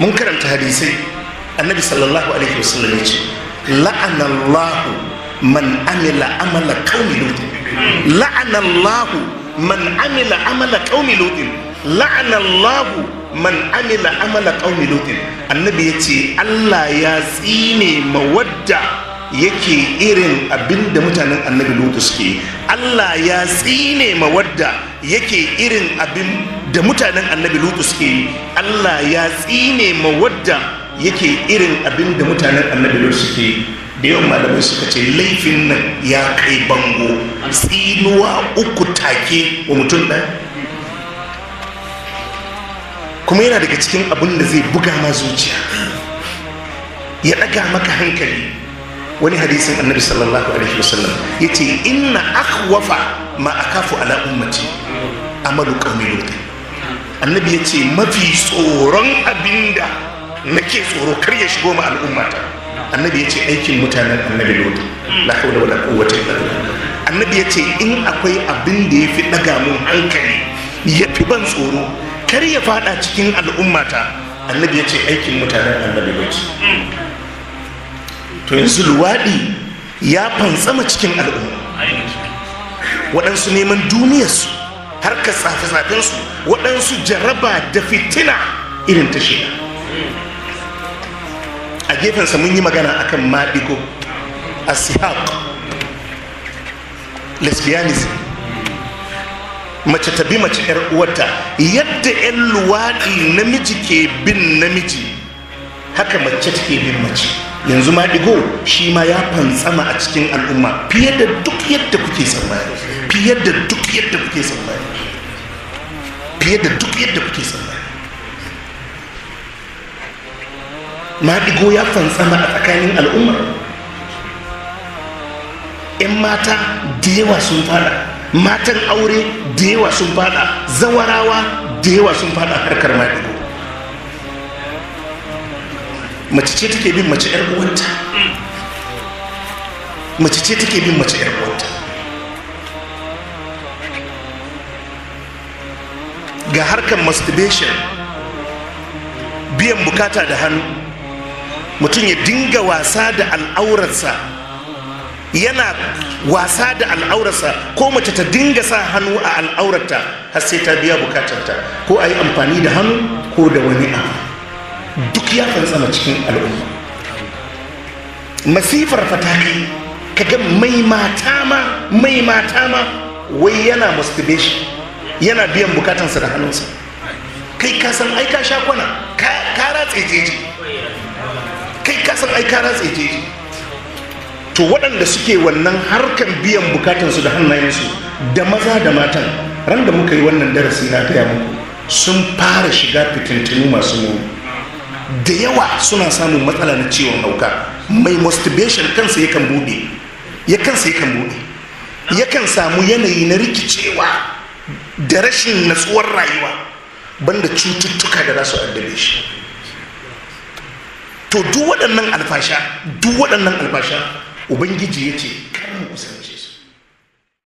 mun karanta hadisai annabi sallallahu alaihi wasallam ya ce la'anallahu man amila amala qaumi lutin la'anallahu man amila amala qaumi lutin la'anallahu man amila amala qaumi lutin annabi ya ce Allah ya tsine mawadda yake irin abin da mutanen annabi lutu suke allah ya tsine ma wadda yake irin abin da mutanen annabi lutu suke allah ya tsine ma wadda yake irin abin da mutanen annabi lutu suke da yawan malamai suka ce laifin nan ya kai bango tsinuwa uku take wa mutum ɗan. kuma yana daga cikin abin da zai buga ma zuciya ya ɗaga maka hankali wani hadisin annabi sallallahu alaihi wasallam ya ce ina akwafa ma a kafu ala ummati amalu qaumi lut annabi ya ce mafi tsoron abinda nake tsoro kar ya shigo ma al'ummata annabi ya ce aikin mutanen annabi lut la hawla wala quwwata illa billah annabi ya ce in akwai abin da ya fi ɗaga mun hankali ya fi ban tsoro kar ya fada cikin al'ummata annabi ya ce aikin mutanen annabi lut to yanzu luwaɗi ya fantsama cikin al'umma waɗansu neman duniyarsu har ka tsafe-tsafensu waɗansu jaraba da fitina irin ta shida a gefensa mun yi magana akan maɗigo a sihaq lesbianism mace ta bi mace 'yar uwarta yadda 'yan luwaɗi namiji ke bin namiji haka mace take bin mace yanzu ma digo shi ma ya fantsama a cikin al'umma fiye da duk yadda kuke tsammani fiye da duk yadda kuke tsammani fiye da duk yadda kuke tsammani ma digo ya fantsama a tsakanin al'umma yan mata da yawa sun fada matan aure da yawa sun fada zawarawa da yawa sun fada harkar ma digo mace ce take bin mace yar uwanta mace ce take bin mace yar uwanta ga harkar masturbation biyan bukata da hannu mutum ya dinga wasa da al'aurarsa yana wasa da al'aurarsa ko mace ta dinga sa hannu a al'aurarta har sai ta biya bukatarta ko a yi amfani da hannu ko da wani abu duk ya fantsama cikin al'umma masifar fataki kaga mai mata ma mai mata ma wai yana masturbation yana biyan bukatansa da hannunsa kai kasan ai ka sha kwana ka ratse jeji kai kasan ai ka ratse to waɗanda suke wannan harkar biyan bukatansu da hannayensu da maza da matan ran da muka yi wannan darasi na gaya muku sun fara shiga fitintunu masu muni da yawa suna samun matsala na ciwon hauka mai masturbation kansa yakan bude ya kansa yakan bude yakan samu yanayi na rikicewa da rashin natsuwar rayuwa banda cututtuka da za addabe shi to duk waɗannan alfasha duk waɗannan alfasha ubangiji ya ce